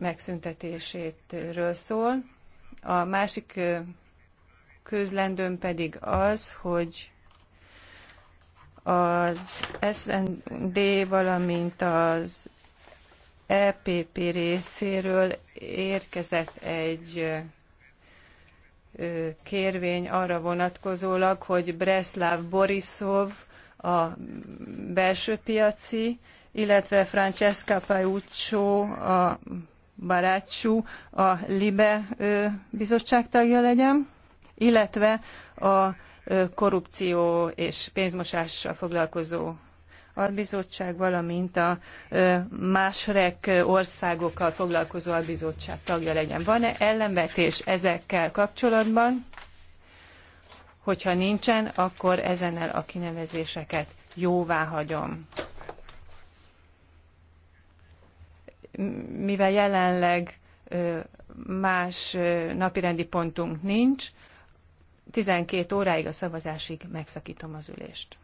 megszüntetésétről szól. A másik közlendőm pedig az, hogy az SND, valamint az EPP részéről érkezett egy kérvény arra vonatkozólag, hogy Breslav Borisov a belső piaci illetve Francesca Pajuccio, a Barácsú, a LIBE bizottság tagja legyen, illetve a korrupció és pénzmosással foglalkozó albizottság, valamint a másrek országokkal foglalkozó albizottság tagja legyen. Van-e ellenvetés ezekkel kapcsolatban? Hogyha nincsen, akkor ezennel a kinevezéseket jóvá hagyom. mivel jelenleg más napirendi pontunk nincs, 12 óráig a szavazásig megszakítom az ülést.